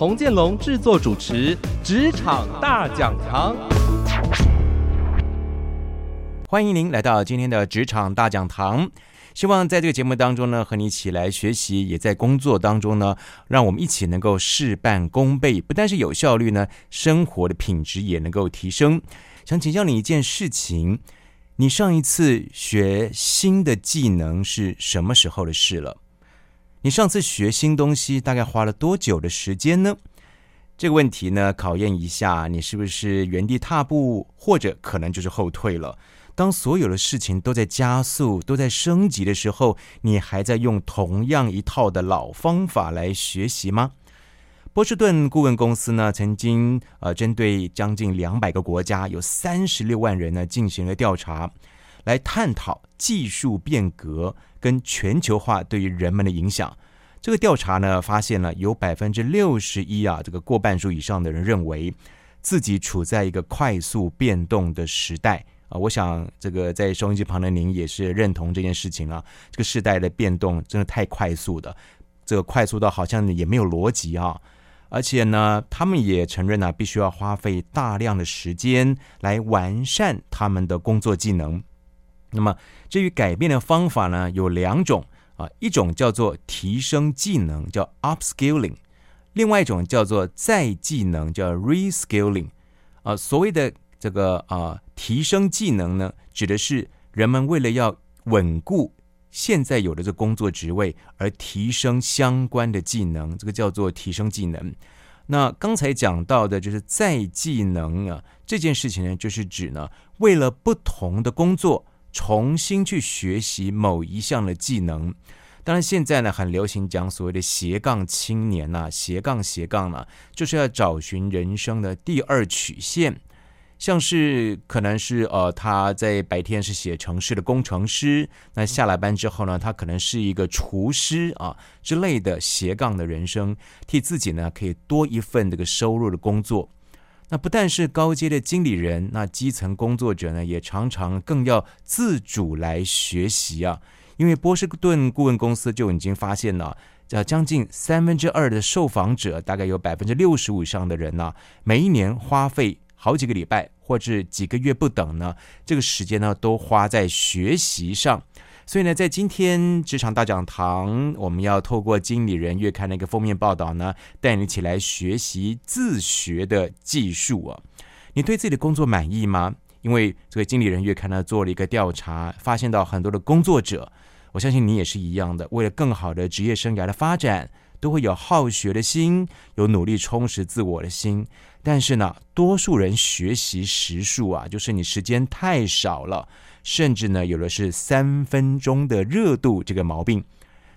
洪建龍製作主持《職場大講堂》，歡迎您來到今天的《職場大講堂》。希望在這個節目當中呢，和你一起來學習，也在工作當中呢，讓我們一起能夠事半功倍，不但是有效率呢，生活的品質也能夠提升。想請教你一件事情，你上一次學新的技能是什麼時候的事了？你上次學新東西大概花了多久的時間呢？這個問題呢，考驗一下你是不是原地踏步，或者可能就是後退了。當所有的事情都在加速、都在升級的時候，你還在用同樣一套的老方法來學習嗎？波士頓顧問公司呢，曾經呃針對將近兩百個國家，有三十六萬人呢進行了調查，來探討技術變革。跟全球化對於人們的影響，這個調查呢，發現呢有百分之六十一啊，這個過半數以上的人認為自己處在一個快速變動的時代啊。我想這個在收音機旁的您也是認同這件事情啊。這個時代的變動真的太快速的。這個快速到好像也沒有邏輯啊。而且呢，他們也承認呢、啊，必須要花費大量的時間來完善他們的工作技能。那麼，至於改變的方法呢，有兩種啊，一種叫做提升技能，叫 upskilling，另外一種叫做再技能，叫 reskilling。啊，所謂的這個啊，提升技能呢，指的是人們為了要穩固現在有的這工作職位而提升相關的技能，這個叫做提升技能。那剛才講到的就是再技能啊，這件事情呢，就是指呢，為了不同的工作。重新去學習某一項的技能，當然現在呢，很流行講所謂的斜槓青年吶、啊，斜槓斜槓呢、啊、就是要找尋人生的第二曲線，像是可能是呃他在白天是寫程式的工程師，那下了班之後呢，他可能是一個廚師啊之類的斜槓的人生，替自己呢可以多一份這個收入的工作。那不但是高階的經理人，那基層工作者呢，也常常更要自主來學習啊。因為波士頓顧問公司就已經發現了，這將近三分之二的受訪者，大概有百分之六十五以上的人呢、啊，每一年花費好幾個禮拜或者幾個月不等呢，這個時間呢，都花在學習上。所以呢，在今天職場大講堂，我們要透過《經理人月刊》的一個封面報道呢，帶你一起來學習自學的技術啊。你對自己的工作滿意嗎？因為這個《經理人月刊》呢，做了一個調查，發現到很多的工作者，我相信你也是一樣的，為了更好的職業生涯的發展，都會有好學的心，有努力充實自我的心。但是呢，多數人學習時數啊，就是你時間太少了，甚至呢，有的是三分鐘的熱度這個毛病。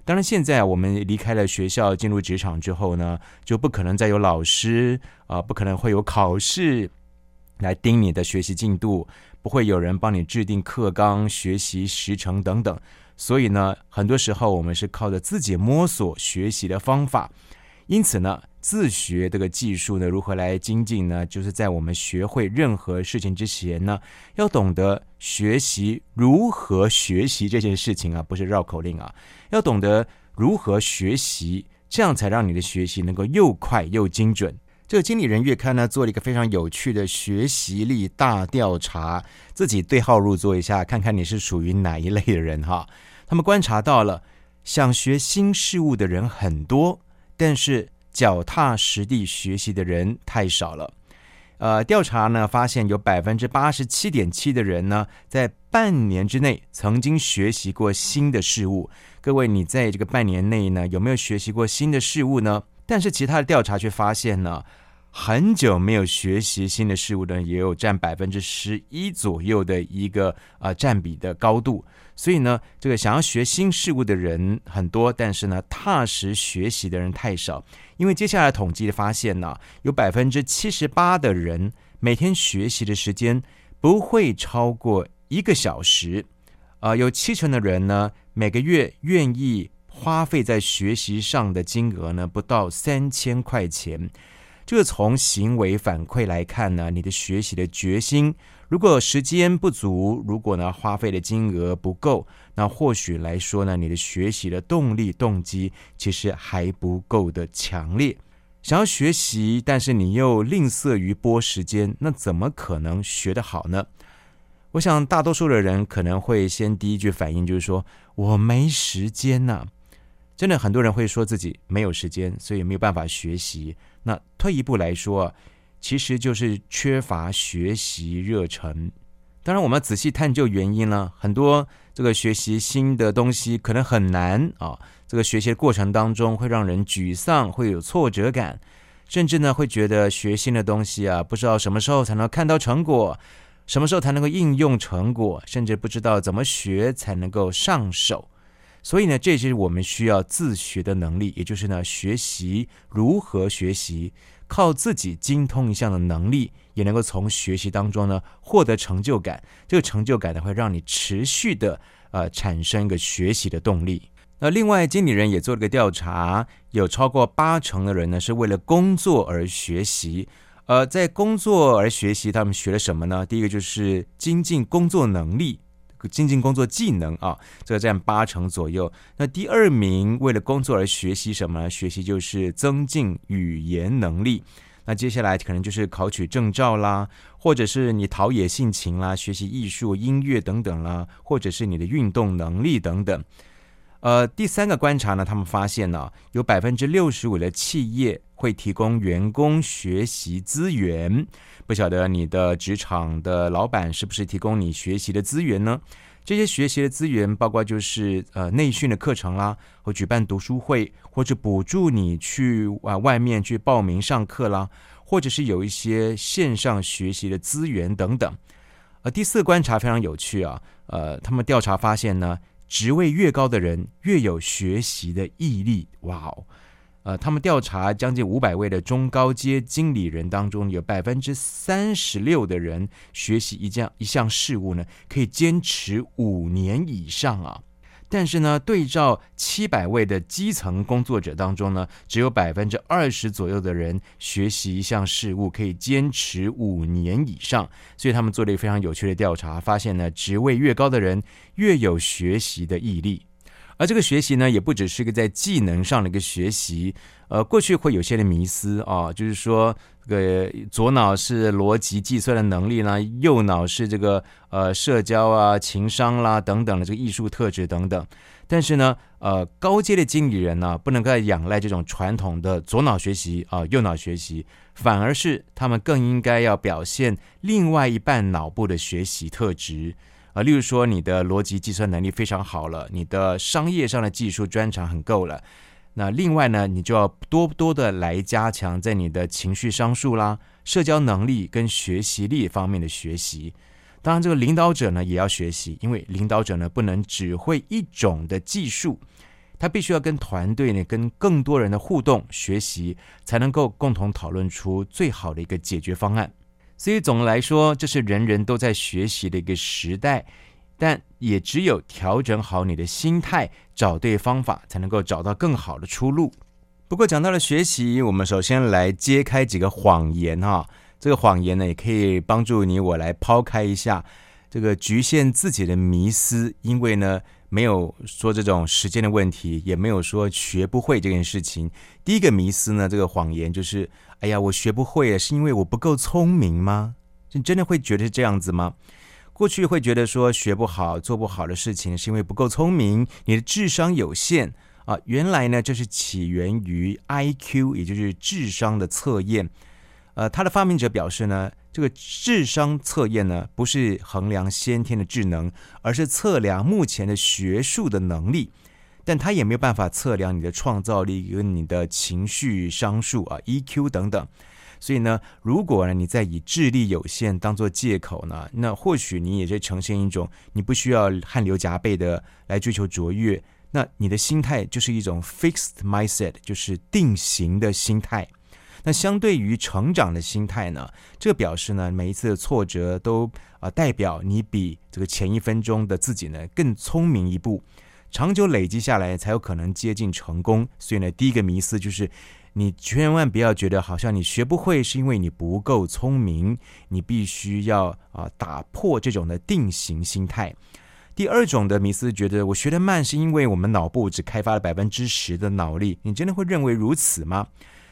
當然，現在我們離開了學校，進入職場之後呢，就不可能再有老師啊、呃，不可能會有考試來盯你的學習進度，不會有人幫你制定課綱、學習時程等等。所以呢，很多時候我們是靠着自己摸索學習的方法，因此呢。自學這個技術呢，如何來精進呢？就是在我們學會任何事情之前呢，要懂得學習如何學習這件事情啊，不是繞口令啊，要懂得如何學習，這樣才讓你的學習能夠又快又精準。這個《經理人月刊》呢，做了一個非常有趣的學習力大調查，自己對號入座一下，看看你是屬於哪一類的人哈。他們觀察到了，想學新事物的人很多，但是。腳踏實地學習的人太少了，呃，調查呢發現有百分之八十七點七的人呢，在半年之內曾經學習過新的事物。各位，你在這個半年內呢，有沒有學習過新的事物呢？但是其他的調查卻發現呢，很久沒有學習新的事物呢，也有佔百分之十一左右的一個呃佔比的高度。所以呢，這個想要學新事物的人很多，但是呢，踏實學習的人太少。因為接下來統計的發現呢、啊，有百分之七十八的人每天學習的時間不會超過一個小時，啊、呃，有七成的人呢每個月願意花費在學習上的金額呢不到三千塊錢，就、這、是、個、從行為反饋來看呢，你的學習的決心。如果時間不足，如果呢花費的金額不夠，那或許來說呢，你的學習的動力、動機其實還不夠的強烈。想要學習，但是你又吝嗇於撥時間，那怎麼可能學得好呢？我想大多數的人可能會先第一句反應就是說我沒時間吶、啊。真的很多人會說自己沒有時間，所以沒有辦法學習。那退一步來說。其實就是缺乏學習熱忱。當然，我們要仔細探究原因了。很多這個學習新的東西可能很難啊、哦，這個學習過程當中會讓人沮喪，會有挫折感，甚至呢會覺得學新的東西啊，不知道什麼時候才能看到成果，什麼時候才能夠應用成果，甚至不知道怎麼學才能夠上手。所以呢，這是我們需要自學的能力，也就是呢，學習如何學習。靠自己精通一項的能力，也能夠從學習當中呢獲得成就感。這個成就感呢，會讓你持續的呃產生一個學習的動力。那另外，經理人也做了一個調查，有超過八成的人呢是為了工作而學習。呃，在工作而學習，他們學了什麼呢？第一個就是精進工作能力。增進工作技能啊，就這個占八成左右。那第二名，為了工作而學習什麼呢？學習就是增進語言能力。那接下來可能就是考取證照啦，或者是你陶冶性情啦，學習藝術、音樂等等啦，或者是你的運動能力等等。呃，第三個觀察呢，他們發現呢，有百分之六十五的企業會提供員工學習資源。不曉得你的職場的老闆是不是提供你學習的資源呢？這些學習的資源包括就是呃內訓的課程啦，或舉辦讀書會，或者補助你去啊外面去報名上課啦，或者是有一些線上學習的資源等等。呃，第四個觀察非常有趣啊，呃，他們調查發現呢。職位越高的人越有學習的毅力，哇、wow、哦！呃，他們調查將近五百位的中高階經理人當中有36，有百分之三十六的人學習一件一項事物呢，可以堅持五年以上啊。但是呢，對照七百位的基層工作者當中呢，只有百分之二十左右的人學習一項事物可以堅持五年以上，所以他們做了一個非常有趣的調查，發現呢，職位越高的人越有學習的毅力。而這個學習呢，也不只是一個在技能上的一個學習。呃，過去會有些的迷思啊，哦，就是說，這個左腦是邏輯計算的能力啦，右腦是這個呃社交啊、情商啦等等的這個藝術特質等等。但是呢，呃，高階的經理人呢，不能夠仰賴這種傳統的左腦學習啊，呃，右腦學習，反而是他們更應該要表現另外一半腦部的學習特質。啊，例如說你的邏輯計算能力非常好了，你的商業上的技術專長很夠了，那另外呢，你就要多多的來加強在你的情緒商數啦、社交能力跟學習力方面的學習。當然，這個領導者呢，也要學習，因為領導者呢不能只會一種的技術，他必須要跟團隊呢跟更多人的互動學習，才能夠共同討論出最好的一個解決方案。所以總的來說，這是人人都在學習的一個時代，但也只有調整好你的心態，找對方法，才能夠找到更好的出路。不過講到了學習，我們首先來揭開幾個謊言哈哦。這個謊言呢，也可以幫助你我來拋開一下這個局限自己的迷思，因為呢。沒有說這種時間的問題，也沒有說學不會這件事情。第一個迷思呢，這個謊言就是：哎呀，我學不會，是因為我不夠聰明嗎？你真的會覺得是這樣子嗎？過去會覺得說學不好、做不好的事情是因為不夠聰明，你的智商有限啊、呃。原來呢，這、就是起源於 IQ，也就是智商的測驗。呃，他的發明者表示呢。這個智商測驗呢，不是衡量先天的智能，而是測量目前的學術的能力。但它也沒有辦法測量你的創造力跟你的情緒商數啊 （EQ） 等等。所以呢，如果呢，你在以智力有限當做借口呢，那或許你也是呈現一種你不需要汗流浹背的來追求卓越，那你的心態就是一種 fixed mindset，就是定型的心態。那相對於成長的心態呢，這表示呢，每一次的挫折都啊、呃、代表你比這個前一分鐘的自己呢更聰明一步，長久累積下來才有可能接近成功。所以呢，第一個迷思就是你千萬不要覺得好像你學不會是因為你不夠聰明，你必須要啊、呃、打破這種的定型心態。第二種的迷思，覺得我學得慢是因為我們腦部只開發了百分之十的腦力，你真的會認為如此嗎？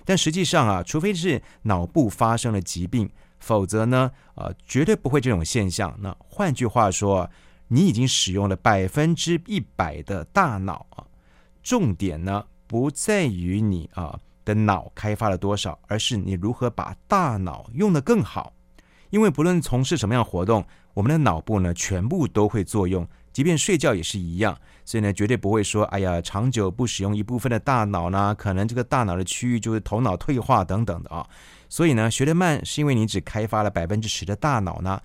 但實際上啊，除非是腦部發生了疾病，否則呢，啊、呃，絕對不會這種現象。那換句話說，你已經使用了百分之一百的大腦啊。重點呢，不在於你的啊的腦開發了多少，而是你如何把大腦用得更好。因為不論從事什麼樣活動，我們的腦部呢，全部都會作用，即便睡覺也是一樣。所以呢，絕對不會說，哎呀，長久不使用一部分的大腦呢，可能這個大腦的區域就會頭腦退化等等的啊、哦。所以呢，學得慢是因為你只開發了百分之十的大腦呢，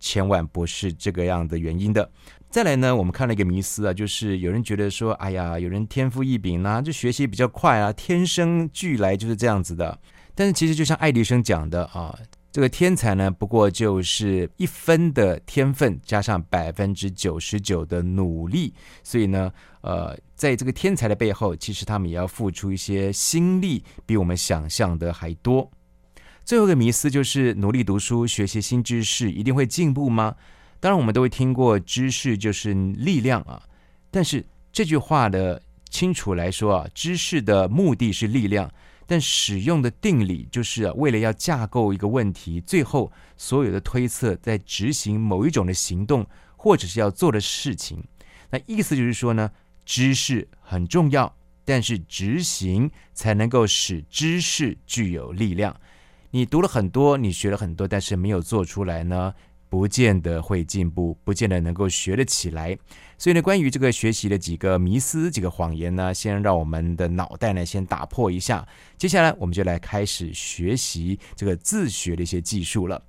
千萬不是這個樣的原因的。再來呢，我們看了一個迷思啊，就是有人覺得說，哎呀，有人天賦異稟吶、啊，就學習比較快啊，天生俱來就是這樣子的。但是其實就像愛迪生講的啊。這個天才呢，不過就是一分的天分加上百分之九十九的努力，所以呢，呃，在這個天才的背後，其實他們也要付出一些心力，比我們想象的還多。最後一個迷思就是，努力讀書、學習新知識，一定會進步嗎？當然，我們都會聽過“知識就是力量”啊，但是這句話的清楚來說啊，知識的目的是力量。但使用的定理，就是為了要架構一個問題，最後所有的推測，在執行某一種的行動，或者是要做的事情。那意思就是說呢，知識很重要，但是執行才能夠使知識具有力量。你讀了很多，你學了很多，但是沒有做出來呢？不見得會進步，不見得能夠學得起來。所以呢，關於這個學習的幾個迷思、幾個謊言呢，先讓我們的腦袋呢先打破一下。接下來，我們就來開始學習這個自學的一些技術了。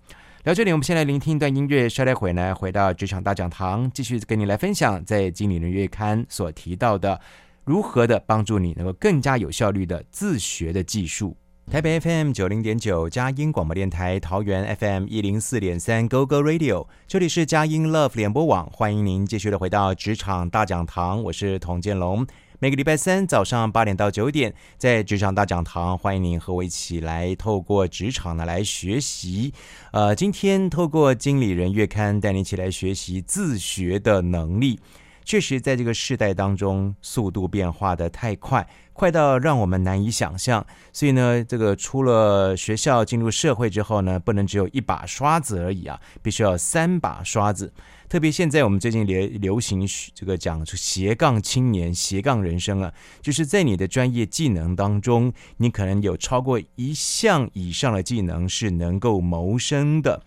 聊這裡，我們先來聆聽一段音樂，稍待會呢，回到職場大講堂，繼續跟你來分享在《經理人月刊》所提到的如何的幫助你能夠更加有效率的自學的技術。台北 FM 九零點九佳音廣播電臺，桃園 FM 一零四點三 GoGo Radio，這裡是佳音 Love 聯播網，歡迎您繼續的回到職場大講堂，我是童建龍。每個禮拜三早上八點到九點，在職場大講堂，歡迎您和我一起來透過職場呢來學習。呃，今天透過經理人月刊，帶你一起來學習自學的能力。確實在這個時代當中，速度變化得太快，快到讓我們難以想象。所以呢，這個出了學校進入社會之後呢，不能只有一把刷子而已啊，必須要三把刷子。特別現在我們最近流流行這個講出斜槓青年、斜槓人生啊，就是在你的專業技能當中，你可能有超過一項以上的技能是能夠謀生的。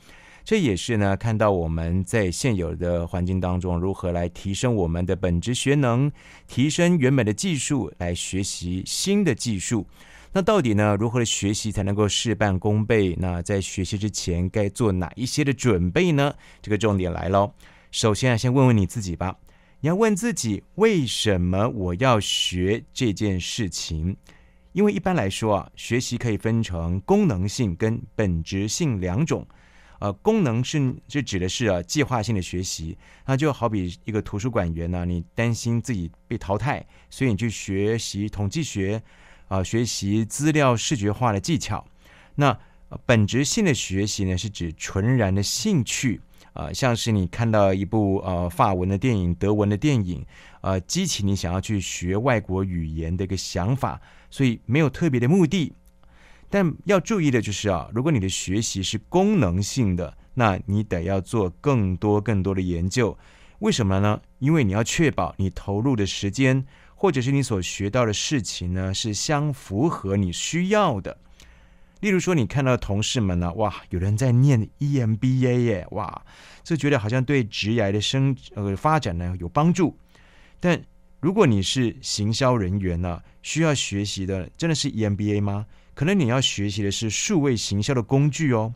這也是呢，看到我們在現有的環境當中如何來提升我們的本職學能，提升原本的技術，來學習新的技術。那到底呢，如何學習才能夠事半功倍？那在學習之前該做哪一些的準備呢？這個重點來嘍。首先啊，先問問你自己吧。你要問自己，為什麼我要學這件事情？因為一般來說啊，學習可以分成功能性跟本質性兩種。呃，功能性就指的是啊計劃性的學習，那就好比一個圖書館員呢，你擔心自己被淘汰，所以你去學習統計學，啊、呃，學習資料視覺化的技巧。那、呃、本質性的學習呢，是指純然的興趣，啊、呃，像是你看到一部呃法文的電影、德文的電影，呃，激起你想要去學外國語言的一個想法，所以沒有特別的目的。但要注意的就是啊，如果你的學習是功能性的，那你得要做更多更多的研究。為什麼呢？因為你要確保你投入的時間或者是你所學到的事情呢，是相符合你需要的。例如說，你看到同事們呢、啊，哇，有人在念 EMBA 耶，哇，這覺得好像對職涯的生呃發展呢有幫助。但如果你是行銷人員呢、啊，需要學習的真的是 EMBA 嗎？可能你要學習的是數位行銷的工具哦，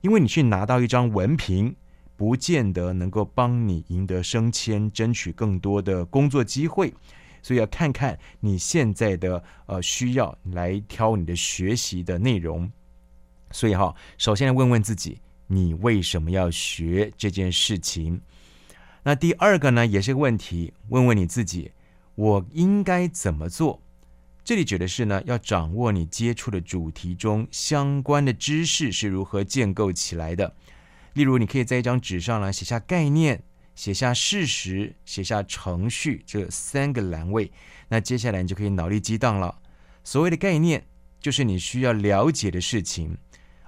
因為你去拿到一張文憑，不見得能夠幫你贏得升遷、爭取更多的工作機會，所以要看看你現在的呃需要來挑你的學習的內容。所以哈，首先來問問自己，你為什麼要學這件事情？那第二個呢，也是個問題，問問你自己，我應該怎麼做？這裡指的是呢，要掌握你接觸的主題中相關的知識是如何建構起來的。例如，你可以在一張紙上呢寫下概念、寫下事實、寫下程序這三個欄位。那接下來你就可以腦力激盪了。所謂的概念，就是你需要了解的事情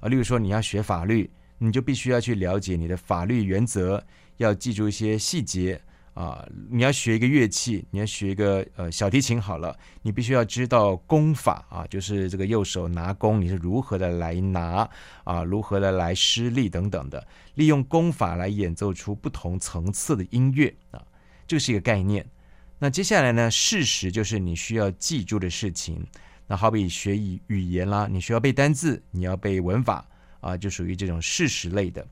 啊。例如說，你要學法律，你就必須要去了解你的法律原則，要記住一些細節。啊，你要學一個樂器，你要學一個呃小提琴好了，你必須要知道弓法啊，就是這個右手拿弓，你是如何的來拿啊，如何的來施力等等的，利用弓法來演奏出不同層次的音樂啊，這是一個概念。那接下來呢，事實就是你需要記住的事情，那好比學語語言啦，你需要背單字，你要背文法啊，就屬於這種事實類的。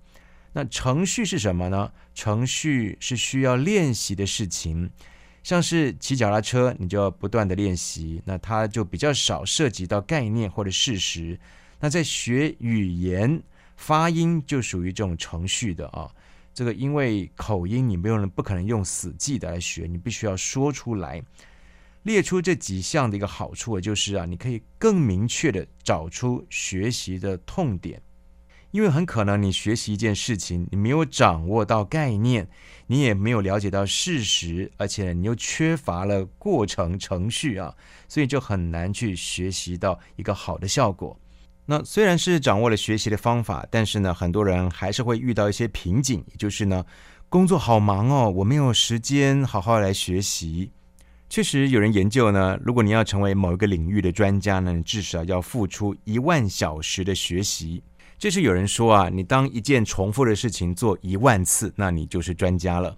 那程序是什麼呢？程序是需要練習的事情，像是騎腳踏車，你就要不斷的練習。那它就比較少涉及到概念或者事實。那在學語言發音就屬於這種程序的啊。這個因為口音，你沒有人不可能用死記的來學，你必須要說出來。列出這幾項的一個好處就是啊，你可以更明確的找出學習的痛點。因為很可能你學習一件事情，你沒有掌握到概念，你也沒有了解到事實，而且你又缺乏了過程程序啊，所以就很難去學習到一個好的效果。那雖然是掌握了學習的方法，但是呢，很多人還是會遇到一些瓶頸，也就是呢，工作好忙哦，我沒有時間好好來學習。確實有人研究呢，如果你要成為某一個領域的專家呢，你至少要付出一萬小時的學習。就是有人說啊，你當一件重複的事情做一萬次，那你就是專家了。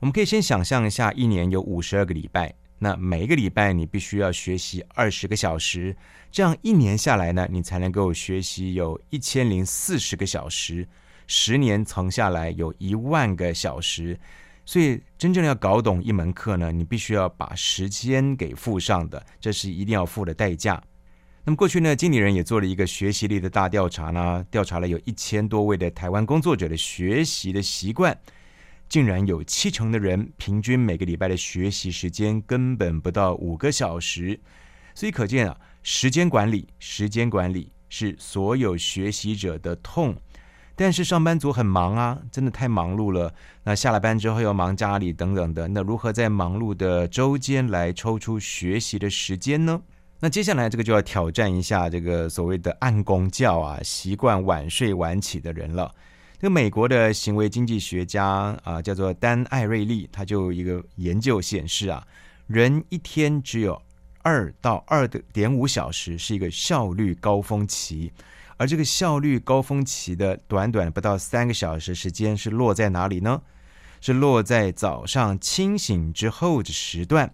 我們可以先想象一下，一年有五十二個禮拜，那每一個禮拜你必須要學習二十個小時，這樣一年下來呢，你才能夠學習有一千零四十個小時。十年存下來有一萬個小時，所以真正要搞懂一門課呢，你必須要把時間給付上的，這是一定要付的代價。那麼過去呢，經理人也做了一個學習力的大調查呢，調查了有一千多位的台灣工作者的學習的習慣，竟然有七成的人平均每個禮拜的學習時間根本不到五個小時，所以可見啊，時間管理，時間管理是所有學習者的痛。但是上班族很忙啊，真的太忙碌了。那下了班之後又忙家裡等等的，那如何在忙碌的周間來抽出學習的時間呢？那接下來這個就要挑戰一下這個所謂的暗光鳥啊，習慣晚睡晚起的人了。這個美國的行為經濟學家啊，叫做丹·艾瑞利，他就一個研究顯示啊，人一天只有二到二點五小時是一個效率高峰期，而這個效率高峰期的短短不到三個小時時間是落在哪裡呢？是落在早上清醒之後的時段。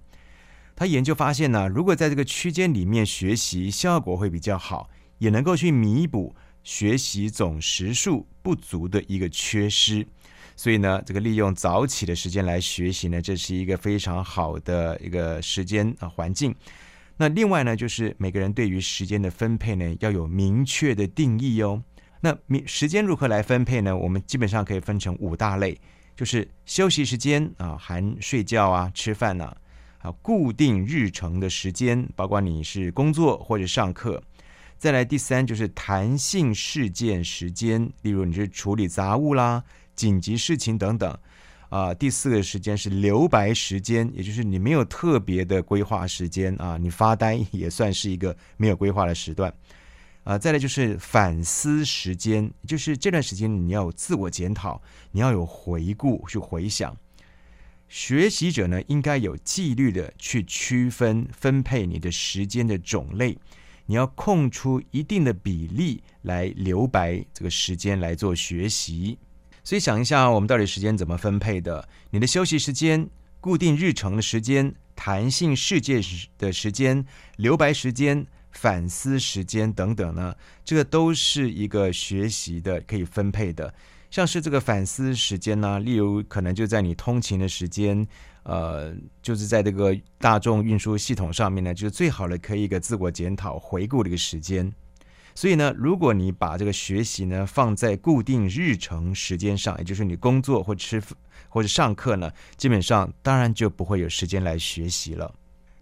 他研究發現呢，如果在這個區間裡面學習，效果會比較好，也能夠去彌補學習總時數不足的一個缺失。所以呢，這個利用早起的時間來學習呢，這是一個非常好的一個時間啊環境。那另外呢，就是每個人對於時間的分配呢，要有明確的定義哦。那明時間如何來分配呢？我們基本上可以分成五大類，就是休息時間啊，含睡覺啊、吃飯啊。啊，固定日程的時間，包括你是工作或者上課。再來，第三就是彈性事件時間，例如你是處理雜物啦、緊急事情等等。啊、呃，第四個時間是留白時間，也就是你沒有特別的規劃時間啊，你發呆也算是一個沒有規劃的時段。啊、呃，再來就是反思時間，就是這段時間你要有自我檢討，你要有回顧，去回想。學習者呢，應該有紀律的去區分分配你的時間的種類，你要空出一定的比例來留白這個時間來做學習。所以想一下，我們到底時間怎麼分配的？你的休息時間、固定日程的時間、彈性世界的時間、留白時間、反思時間等等呢？這個都是一個學習的可以分配的。像是這個反思時間呢、啊，例如可能就在你通勤的時間，呃，就是在這個大眾運輸系統上面呢，就是最好的可以一個自我檢討、回顧的一個時間。所以呢，如果你把這個學習呢放在固定日程時間上，也就是你工作或吃或者上課呢，基本上當然就不會有時間來學習了。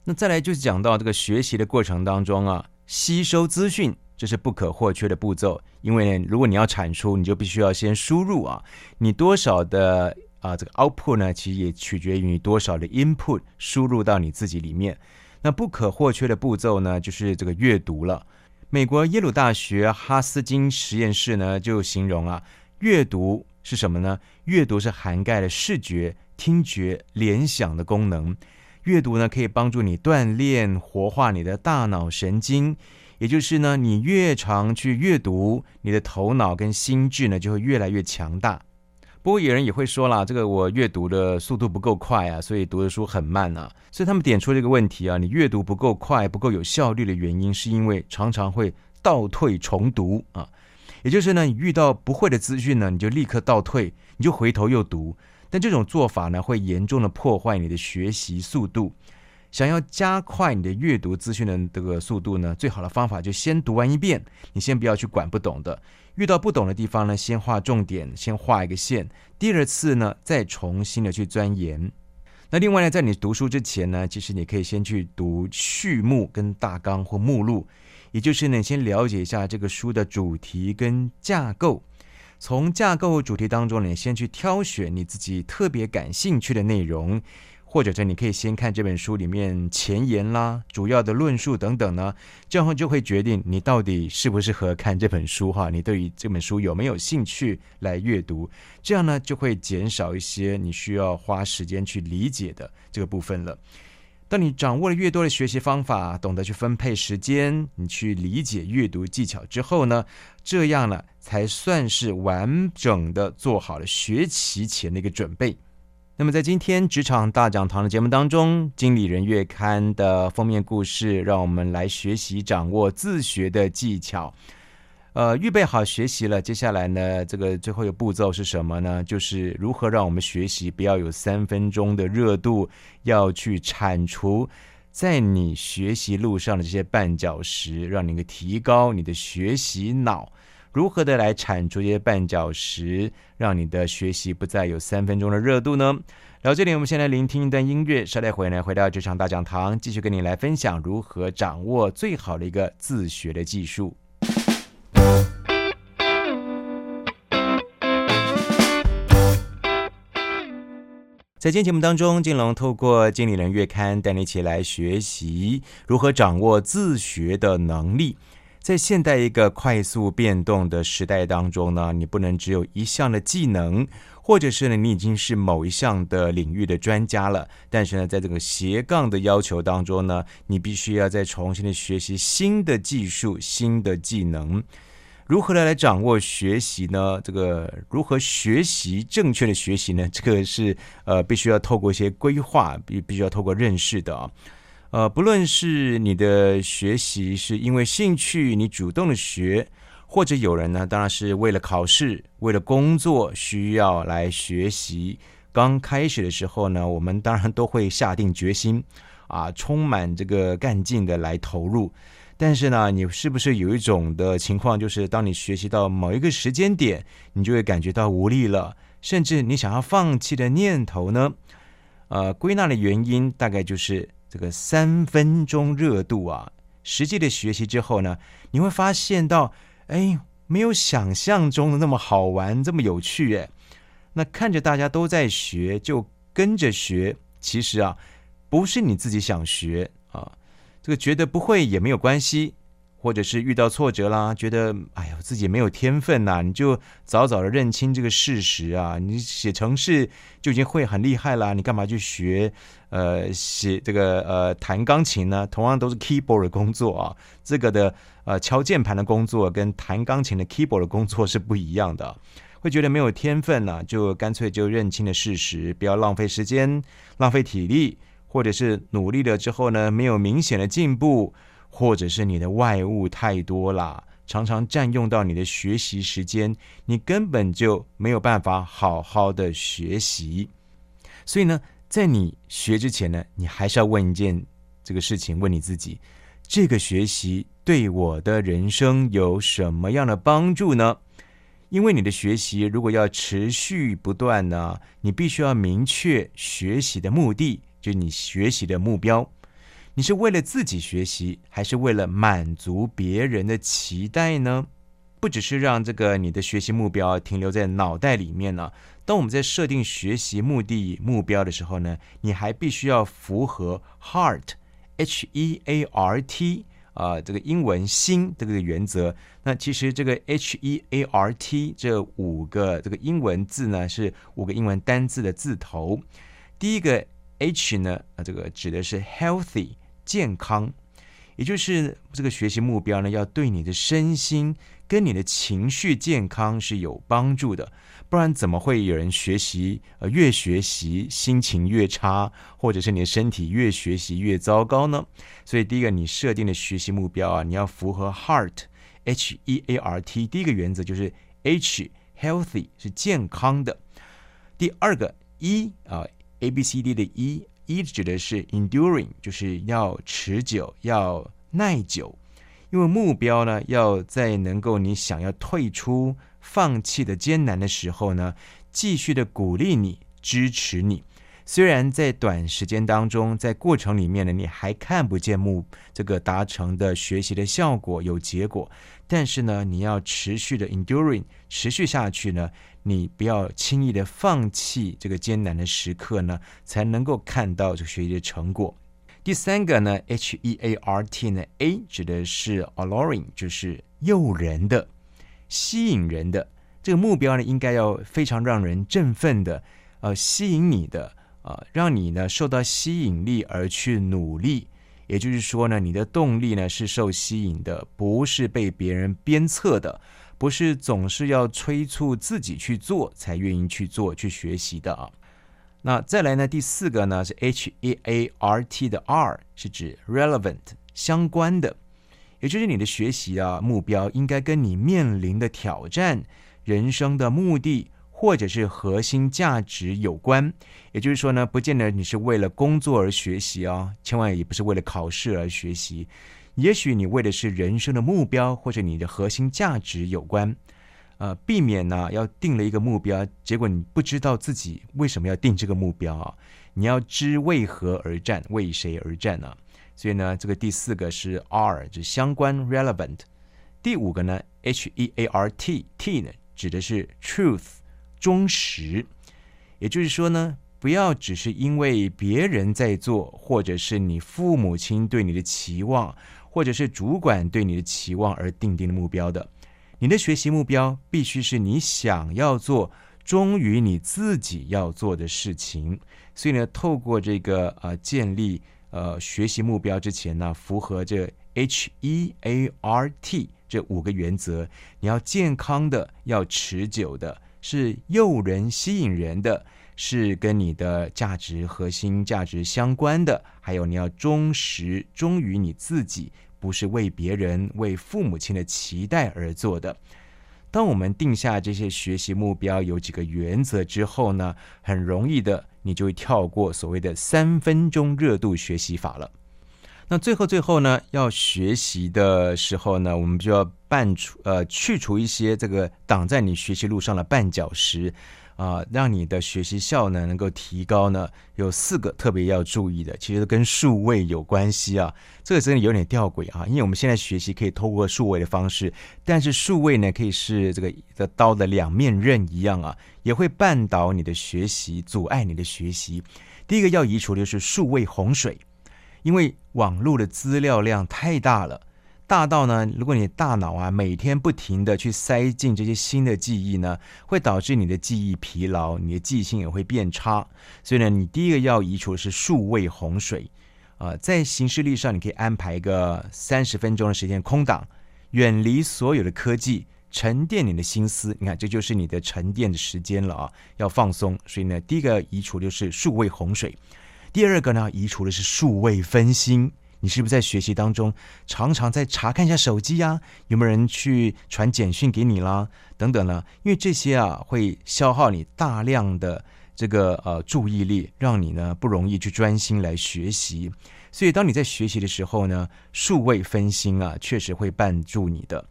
那再來就是講到這個學習的過程當中啊，吸收資訊。這是不可或缺的步驟，因為呢，如果你要產出，你就必須要先輸入啊。你多少的啊、呃、這個 output 呢？其實也取決於你多少的 input 輸入到你自己裡面。那不可或缺的步驟呢，就是這個閱讀了。美國耶魯大學哈斯金實驗室呢，就形容啊，閱讀是什麼呢？閱讀是涵蓋了視覺、聽覺、聯想的功能。閱讀呢，可以幫助你鍛鍊、活化你的大腦神經。也就是呢，你越常去閱讀，你的頭腦跟心智呢就會越來越強大。不過有人也會說啦，這個我閱讀的速度不夠快啊，所以讀的書很慢啊。所以他們點出這個問題啊，你閱讀不夠快、不夠有效率的原因，是因為常常會倒退重讀啊。也就是呢，你遇到不會的資訊呢，你就立刻倒退，你就回頭又讀。但這種做法呢，會嚴重的破壞你的學習速度。想要加快你的閱讀資訊的這個速度呢，最好的方法就先讀完一遍，你先不要去管不懂的，遇到不懂的地方呢，先畫重點，先畫一個線，第二次呢再重新的去鑽研。那另外呢，在你讀書之前呢，其實你可以先去讀序幕跟大綱或目錄，也就是呢，你先了解一下這個書的主題跟架構，從架構主題當中呢，你先去挑選你自己特別感興趣的內容。或者你可以先看這本書裡面前言啦、主要的論述等等呢，這樣後就會決定你到底適不適合看這本書哈。你對於這本書有沒有興趣來閱讀？這樣呢，就會減少一些你需要花時間去理解的這個部分了。當你掌握了越多的學習方法，懂得去分配時間，你去理解閱讀技巧之後呢，這樣呢才算是完整的做好了學習前的一個準備。那麼，在今天職場大講堂的節目當中，《經理人月刊》的封面故事，讓我們來學習掌握自學的技巧。呃，預備好學習了，接下來呢，這個最後一個步驟是什麼呢？就是如何讓我們學習不要有三分鐘的熱度，要去鏟除在你學習路上的這些絆腳石，讓你提高你的學習腦。如何的來鏟除這些絆腳石，讓你的學習不再有三分鐘的熱度呢？然後這裡我們先來聆聽一段音樂，稍待回來回到職場大講堂，繼續跟你來分享如何掌握最好的一個自學的技術。在今天節目當中，金龍透過《經理人月刊》帶你一起來學習如何掌握自學的能力。在現代一個快速變動的時代當中呢，你不能只有一項的技能，或者是呢你已經是某一項的領域的專家了，但是呢，在這個斜槓的要求當中呢，你必須要再重新的學習新的技術、新的技能。如何來來掌握學習呢？這個如何學習正確的學習呢？這個是呃，必須要透過一些規劃，必必須要透過認識的啊、哦。呃，不論是你的學習是因為興趣，你主動的學，或者有人呢，當然是為了考試、為了工作需要來學習。剛開始的時候呢，我們當然都會下定決心啊，充滿這個幹勁的來投入。但是呢，你是不是有一種的情況，就是當你學習到某一個時間點，你就會感覺到無力了，甚至你想要放棄的念頭呢？呃，歸納的原因大概就是。這個三分鐘熱度啊，實際的學習之後呢，你會發現到，哎，沒有想象中的那麼好玩，這麼有趣哎。那看着大家都在學，就跟着學。其實啊，不是你自己想學啊，這個覺得不會也沒有關係。或者是遇到挫折啦，覺得哎呀，自己沒有天分吶、啊，你就早早的認清這個事實啊。你寫程式就已經會很厲害啦，你幹嘛去學呃寫這個呃彈鋼琴呢？同樣都是 keyboard 的工作啊，這個的呃敲鍵盤的工作跟彈鋼琴的 keyboard 的工作是不一樣的。會覺得沒有天分吶、啊，就乾脆就認清了事實，不要浪費時間、浪費體力，或者是努力了之後呢，沒有明顯的進步。或者是你的外物太多了，常常佔用到你的學習時間，你根本就沒有辦法好好的學習。所以呢，在你學之前呢，你還是要問一件這個事情，問你自己：這個學習對我的人生有什麼樣的幫助呢？因為你的學習如果要持續不斷呢，你必須要明確學習的目的，就是你學習的目標。你是為了自己學習，還是為了滿足別人的期待呢？不只是讓這個你的學習目標停留在腦袋裡面呢、啊？當我們在設定學習目的目標的時候呢，你還必須要符合 heart，H-E-A-R-T 啊，呃，這個英文心的這個原則。那其實這個 H-E-A-R-T 這五個這個英文字呢，是五個英文單字的字頭。第一個 H 呢，啊、呃，這個指的是 healthy。健康，也就是這個學習目標呢，要對你的身心跟你的情緒健康是有幫助的，不然怎麼會有人學習呃越學習心情越差，或者是你的身體越學習越糟糕呢？所以第一個你設定的學習目標啊，你要符合 heart H E A R T，第一個原則就是 H healthy 是健康的。第二個 E 啊、呃、A B C D 的 E。一直指的是 enduring，就是要持久、要耐久，因為目標呢要在能夠你想要退出、放棄的艱難的時候呢，繼續的鼓勵你、支持你。雖然在短時間當中，在過程裡面呢，你還看不見目這個達成的學習的效果有結果，但是呢，你要持續的 enduring，持續下去呢，你不要輕易的放棄這個艱難的時刻呢，才能夠看到這個學習的成果。第三個呢，H E A R T 呢，A 指的是 alluring，就是誘人的、吸引人的。這個目標呢，應該要非常讓人振奮的，呃，吸引你的。啊，讓你呢受到吸引力而去努力，也就是說呢，你的動力呢是受吸引的，不是被別人鞭策的，不是總是要催促自己去做才願意去做去學習的啊。那再來呢，第四個呢是 H E A R T 的 R 是指 relevant 相關的，也就是你的學習啊目標應該跟你面臨的挑戰、人生的目的。或者是核心價值有關，也就是說呢，不見得你是為了工作而學習哦，千萬也不是為了考試而學習。也許你為的是人生的目標，或者你的核心價值有關。呃，避免呢、啊，要定了一個目標，結果你不知道自己為什麼要定這個目標啊？你要知為何而戰，為誰而戰呢、啊？所以呢，這個第四個是 R，就是相關 （relevant）。第五個呢，H-E-A-R-T-T 呢，指的是 truth。忠實，也就是說呢，不要只是因為別人在做，或者是你父母親對你的期望，或者是主管對你的期望而定定的目標的。你的學習目標必須是你想要做，忠於你自己要做的事情。所以呢，透過這個呃，建立呃學習目標之前呢，符合這 H E A R T 這五個原則，你要健康的，要持久的。是誘人、吸引人的，是跟你的價值、核心價值相關的，還有你要忠實、忠於你自己，不是為別人、為父母親的期待而做的。當我們定下這些學習目標，有幾個原則之後呢，很容易的，你就會跳過所謂的三分鐘熱度學習法了。那最後最後呢，要學習的時候呢，我們就要排除呃去除一些這個擋在你學習路上的絆腳石啊、呃，讓你的學習效能呢能夠提高呢。有四個特別要注意的，其實跟數位有關係啊。這個真的有點吊詭啊，因為我們現在學習可以透過數位的方式，但是數位呢可以是這個的刀的兩面刃一樣啊，也會絆倒你的學習，阻礙你的學習。第一個要移除的就是數位洪水。因為網絡的資料量太大了，大到呢，如果你的大腦啊每天不停的去塞進這些新的記憶呢，會導致你的記憶疲勞，你的記性也會變差。所以呢，你第一個要移除的是數位洪水，啊、呃，在行事曆上你可以安排一個三十分鐘的時間空檔，遠離所有的科技，沉澱你的心思。你看，這就是你的沉澱的時間了啊，要放鬆。所以呢，第一個移除就是數位洪水。第二個呢，移除的是數位分心。你是不是在學習當中常常在查看一下手機呀、啊，有沒有人去傳簡訊給你啦？等等呢？因為這些啊，會消耗你大量的這個呃注意力，讓你呢不容易去專心來學習。所以，當你在學習的時候呢，數位分心啊，確實會絆住你的。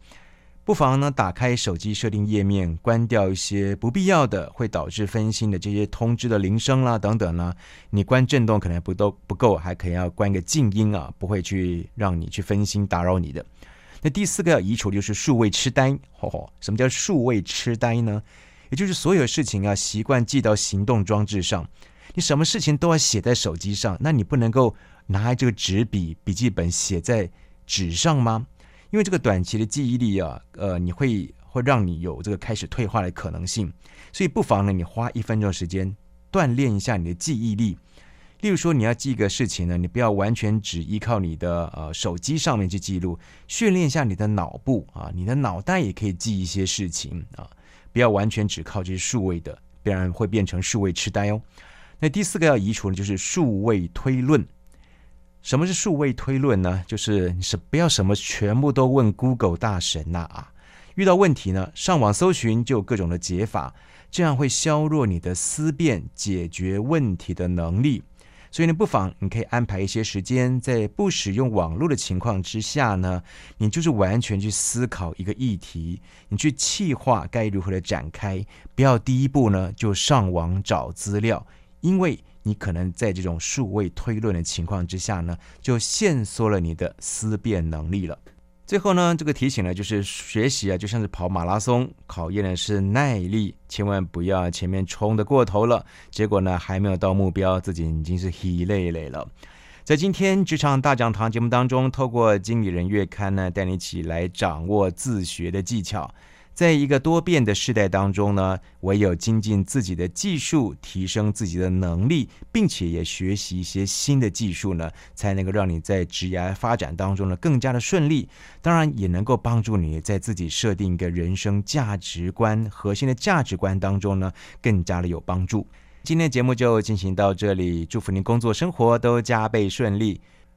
不妨呢，打開手機設定頁面，關掉一些不必要的會導致分心的這些通知的鈴聲啦、啊，等等呢、啊。你關震動可能不都不夠，還可以要關個靜音啊，不會去讓你去分心打擾你的。那第四個要移除的就是數位痴呆。吼、哦、吼，什麼叫數位痴呆呢？也就是所有事情要習慣記到行動裝置上，你什麼事情都要寫在手機上，那你不能夠拿這個紙筆、筆記本寫在紙上嗎？因為這個短期的記憶力啊，呃，你會會讓你有這個開始退化的可能性，所以不妨呢，你花一分鐘時間鍛鍊一下你的記憶力。例如說，你要記一個事情呢，你不要完全只依靠你的呃手機上面去記錄，訓練一下你的腦部啊，你的腦袋也可以記一些事情啊，不要完全只靠這些數位的，不然會變成數位癡呆哦。那第四個要移除的就是數位推論。什麼是數位推論呢？就是你是不要什麼全部都問 Google 大神吶啊！遇到問題呢，上網搜尋就有各種的解法，這樣會削弱你的思辨解決問題的能力。所以呢，不妨你可以安排一些時間，在不使用網絡的情況之下呢，你就是完全去思考一個議題，你去計劃該如何的展開，不要第一步呢就上網找資料，因為。你可能在這種數位推論的情況之下呢，就限縮了你的思辨能力了。最後呢，這個提醒呢，就是學習啊，就像是跑馬拉松，考驗的是耐力，千萬不要前面衝得過頭了，結果呢還沒有到目標，自己已經是疲累累了。在今天職場大講堂節目當中，透過經理人月刊呢，帶你一起來掌握自學的技巧。在一個多變的世代當中呢，唯有精進自己的技術，提升自己的能力，並且也學習一些新的技術呢，才能夠讓你在職涯發展當中呢，更加的順利。當然，也能夠幫助你在自己設定一個人生價值觀、核心的價值觀當中呢，更加的有幫助。今天節目就進行到這裡，祝福您工作生活都加倍順利。